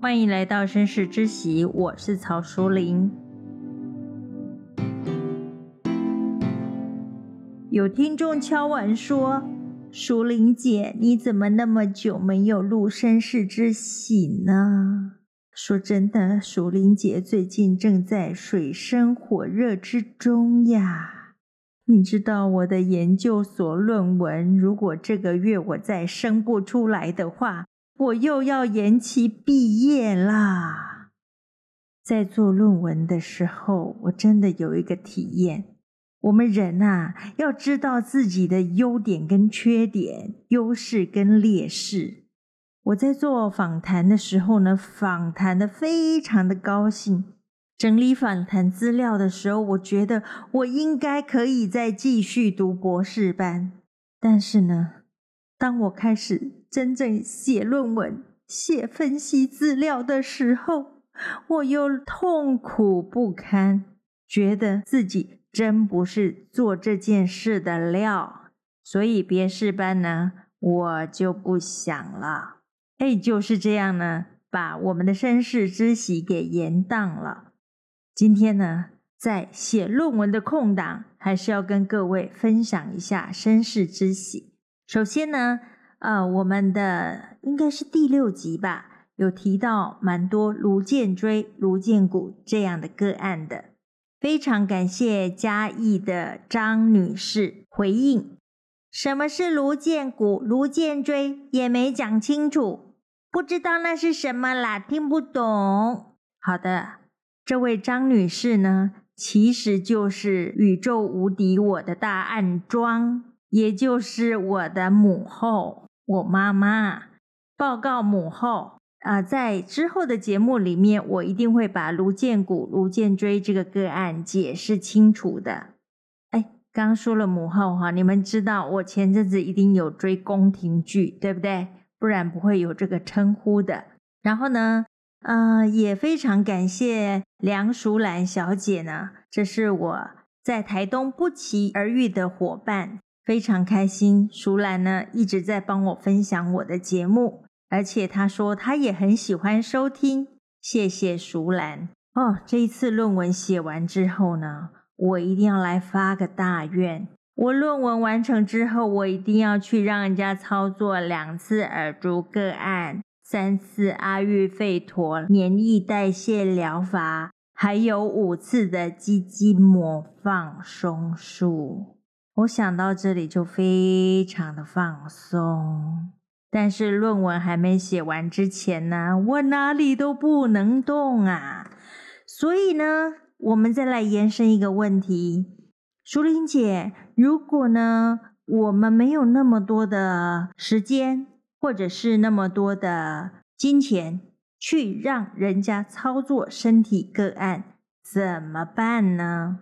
歡迎來到《紳士之喜》，我是曹淑玲。有聽眾敲碗說：“淑玲姐，你怎麼那麼久沒有錄《紳士之喜》呢？”說真的，淑玲姐最近正在水深火熱之中呀。你知道我的研究所論文，如果這個月我再生不出來的話。我又要延期畢業啦！在做論文的時候，我真的有一個體驗：我們人啊，要知道自己的優點跟缺點、優勢跟劣勢。我在做訪談的時候呢，訪談得非常的高興；整理訪談資料的時候，我覺得我應該可以再繼續讀博士班。但是呢，當我開始真正寫論文、寫分析資料的時候，我又痛苦不堪，覺得自己真不是做這件事的料，所以別試班呢，我就不想了。哎，就是這樣呢，把我們的身世之喜給延宕了。今天呢，在寫論文的空檔，還是要跟各位分享一下身世之喜。首先呢。呃，我們的應該是第六集吧，有提到蠻多顱薦椎、顱薦骨這樣的個案的。非常感謝嘉義的張女士回應。什麼是顱薦骨、顱薦椎也沒講清楚，不知道那是什麼啦，聽不懂。好的，這位張女士呢，其實就是宇宙無敵我的大暗樁，也就是我的母後。我媽媽報告母後啊，呃，在之後的節目裡面，我一定會把顱薦骨、顱薦椎這個個案解釋清楚的。哎，剛說了母後哈，你們知道我前陣子一定有追宮廷劇，對不對？不然不會有這個稱呼的。然後呢，嗯、呃，也非常感謝梁淑蘭小姐呢，這是我在台東不期而遇的伙伴。非常開心，淑蘭呢一直在幫我分享我的節目，而且她說她也很喜歡收聽。謝謝淑蘭哦！這一次論文寫完之後呢，我一定要來發個大願。我論文完成之後，我一定要去讓人家操作兩次耳珠個案，三次阿育吠陀免疫代謝療法，還有五次的肌筋膜放鬆術。我想到這裡就非常的放鬆，但是論文還沒寫完之前呢，我哪裡都不能動啊。所以呢，我們再來延伸一個問題，淑琳姐，如果呢，我們沒有那麼多的時間，或者是那麼多的金錢去讓人家操作身體個案，怎麼辦呢？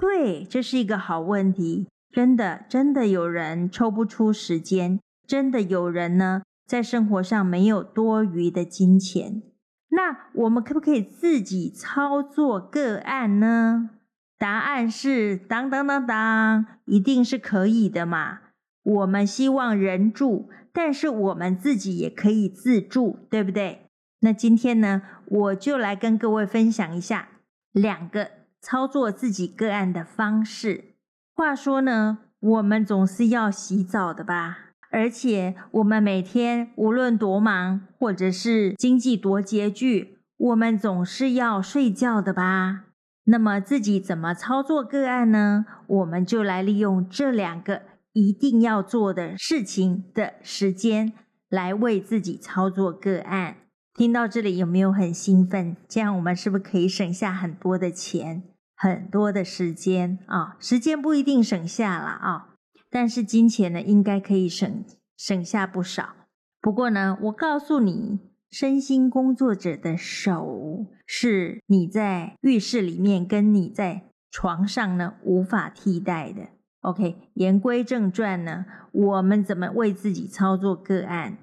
對，這是一個好問題。真的，真的有人抽不出時間，真的有人呢，在生活上沒有多餘的金錢。那我們可不可以自己操作個案呢？答案是當當當當，一定是可以的嘛。我們希望人助，但是我們自己也可以自助，對不對？那今天呢，我就來跟各位分享一下兩個。操作自己個案的方式。話說呢，我們總是要洗澡的吧？而且我們每天無論多忙，或者是經濟多拮據，我們總是要睡覺的吧？那麼自己怎麼操作個案呢？我們就來利用這兩個一定要做的事情的時間，來為自己操作個案。聽到這裡有沒有很興奮？這樣我們是不是可以省下很多的錢？很多的時間啊，時間不一定省下了啊，但是金錢呢，應該可以省省下不少。不過呢，我告訴你，身心工作者的手是你在浴室裡面跟你在床上呢無法替代的。OK，言歸正傳呢，我們怎麼為自己操作個案？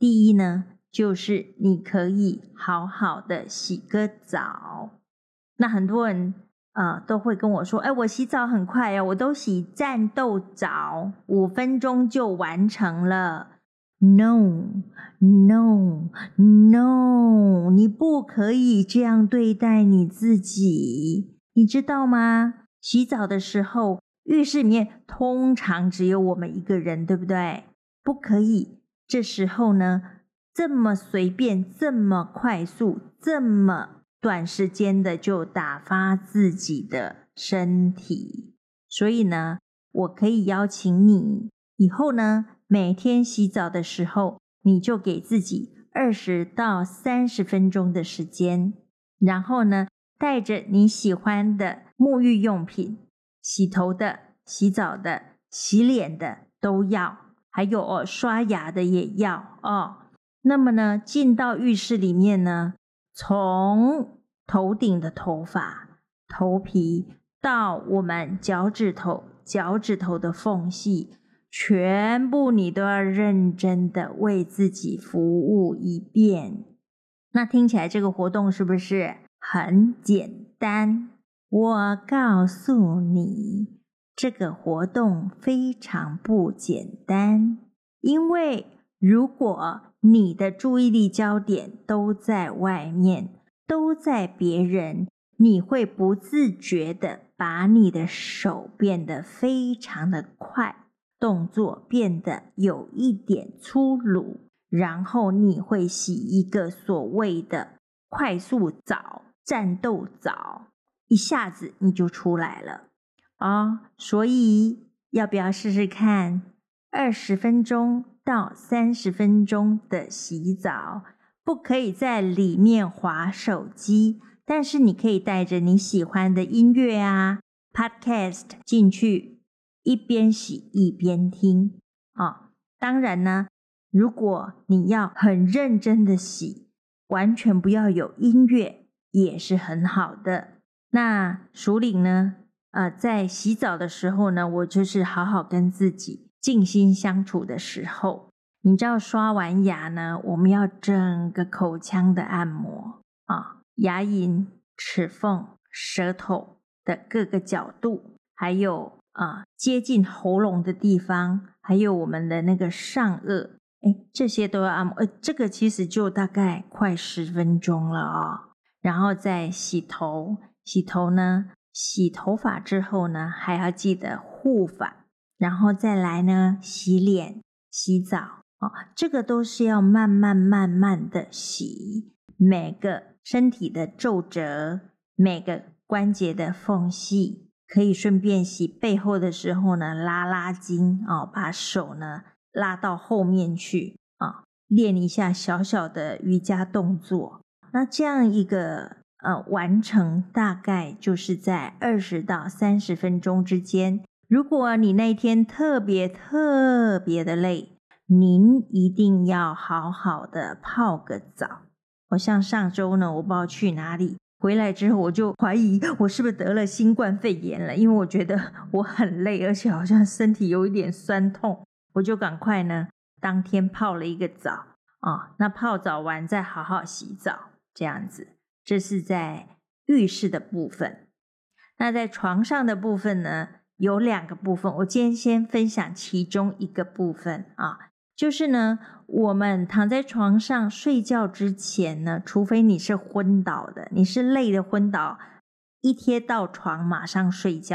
第一呢，就是你可以好好的洗個澡。那很多人。呃，都會跟我說，哎，我洗澡很快呀，哦，我都洗戰鬥澡，五分鐘就完成了。No，No，No，no, no, 你不可以這樣對待你自己，你知道嗎？洗澡的時候，浴室裡面通常只有我們一個人，對不對？不可以，這時候呢，這麼隨便，這麼快速，這麼，短時間的就打發自己的身體，所以呢，我可以邀請你以後呢，每天洗澡的時候，你就給自己二十到三十分鐘的時間，然後呢，帶着你喜歡的沐浴用品、洗頭的、洗澡的、洗臉的都要，還有哦，刷牙的也要哦。那麼呢，進到浴室裡面呢。從頭頂的頭髮、頭皮，到我們腳趾頭、腳趾頭的縫隙，全部你都要認真的為自己服務一遍。那聽起來這個活動是不是很簡單？我告訴你，這個活動非常不簡單，因為如果。你的注意力焦點都在外面，都在別人，你會不自覺的把你的手變得非常的快，動作變得有一點粗魯，然後你會洗一個所謂的快速澡、戰鬥澡，一下子你就出來了啊、哦！所以，要不要試試看？二十分鐘到三十分鐘的洗澡，不可以在裡面滑手機，但是你可以帶着你喜歡的音樂啊、podcast 進去，一邊洗一邊聽啊、哦。當然呢，如果你要很認真的洗，完全不要有音樂，也是很好的。那署領呢？呃，在洗澡的時候呢，我就是好好跟自己。靜心相處的時候，你知道刷完牙呢，我們要整個口腔的按摩啊，牙齦、齒縫、舌頭的各個角度，還有啊接近喉嚨的地方，還有我們的那個上顎，哎，這些都要按摩。呃、哎，這個其實就大概快十分鐘了哦。然後再洗頭，洗頭呢，洗頭髮之後呢，還要記得護髮。然後再來呢，洗臉、洗澡，哦，這個都是要慢慢、慢慢的洗，每個身體的皺褶、每個關節的縫隙，可以順便洗背後的時候呢，拉拉筋，哦，把手呢拉到後面去，啊、哦，練一下小小的瑜伽動作。那這樣一個呃，完成大概就是在二十到三十分鐘之間。如果你那一天特別特別的累，您一定要好好的泡個澡。好像上周呢，我不知道去哪裡，回來之後我就懷疑我是不是得了新冠肺炎了，因為我覺得我很累，而且好像身體有一點酸痛，我就趕快呢當天泡了一個澡啊、哦。那泡澡完再好好洗澡，這樣子，這是在浴室的部分。那在床上的部分呢？有兩個部分，我今天先分享其中一個部分啊，就是呢，我們躺在床上睡覺之前呢，除非你是昏倒的，你是累的昏倒，一貼到床馬上睡覺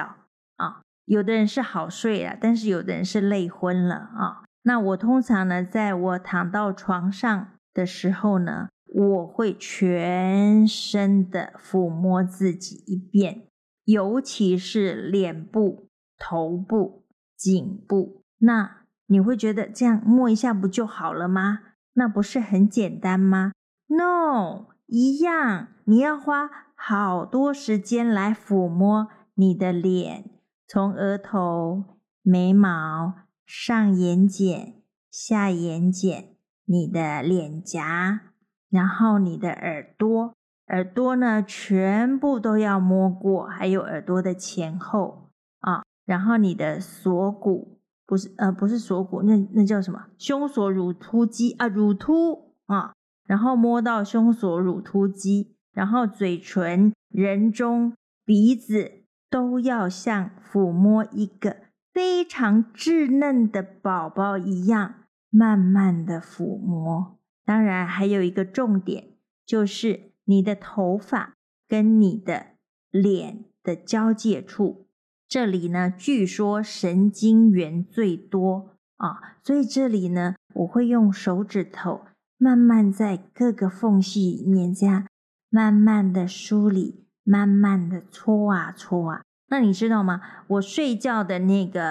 啊。有的人是好睡了啊，但是有的人是累昏了啊。那我通常呢，在我躺到床上的時候呢，我會全身的撫摸自己一遍，尤其是臉部。頭部、頸部，那你會覺得這樣摸一下不就好了嗎？那不是很簡單嗎？No，一樣，你要花好多時間來撫摸你的臉，從額頭、眉毛、上眼瞼、下眼瞼，你的臉頰，然後你的耳朵，耳朵呢，全部都要摸過，還有耳朵的前後。然後你的鎖骨不是呃不是鎖骨，那那叫什麼？胸鎖乳突肌啊，乳突啊。然後摸到胸鎖乳突肌，然後嘴唇、人中、鼻子都要像撫摸一個非常稚嫩的寶寶一樣，慢慢的撫摸。當然還有一個重點，就是你的頭髮跟你的臉的交界處。這裡呢，據說神經元最多啊、哦，所以這裡呢，我會用手指頭慢慢在各個縫隙裡面這樣慢慢的梳理，慢慢的搓啊搓啊。那你知道嗎？我睡覺的那個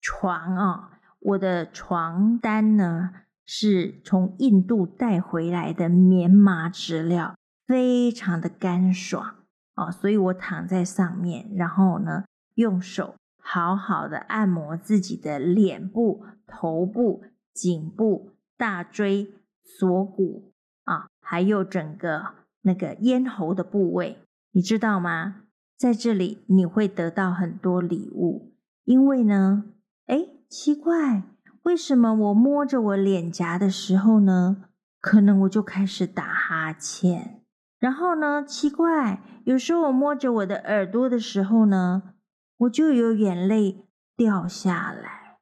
床啊、哦，我的床單呢是從印度帶回來的棉麻質料，非常的乾爽啊、哦，所以我躺在上面，然後呢。用手好好的按摩自己的臉部、頭部、頸部、大椎、鎖骨啊，還有整個那個咽喉的部位，你知道嗎？在這裡你會得到很多禮物，因為呢，哎，奇怪，為什麼我摸着我臉頰的時候呢，可能我就開始打哈欠，然後呢，奇怪，有時候我摸着我的耳朵的時候呢。我就有眼淚掉下來，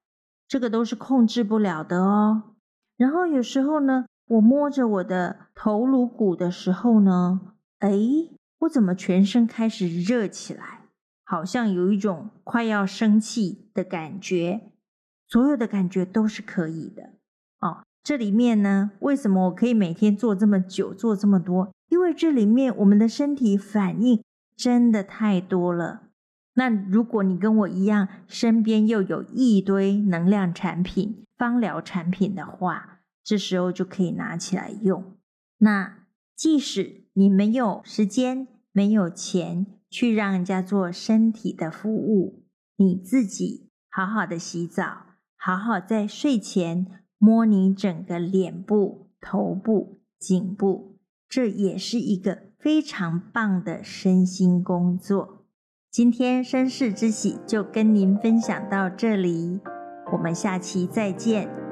這個都是控制不了的哦。然後有時候呢，我摸着我的頭顱骨的時候呢，哎，我怎麼全身開始熱起來？好像有一種快要生氣的感覺。所有的感覺都是可以的。哦，這裡面呢，為什麼我可以每天做這麼久，做這麼多？因為這裡面我們的身體反應真的太多了。那如果你跟我一樣，身邊又有一堆能量產品、芳療產品的話，這時候就可以拿起來用。那即使你沒有時間、沒有錢去讓人家做身體的服務，你自己好好的洗澡，好好在睡前摸你整個臉部、頭部、頸部，這也是一個非常棒的身心工作。今天身世之喜就跟您分享到這裡，我們下期再見。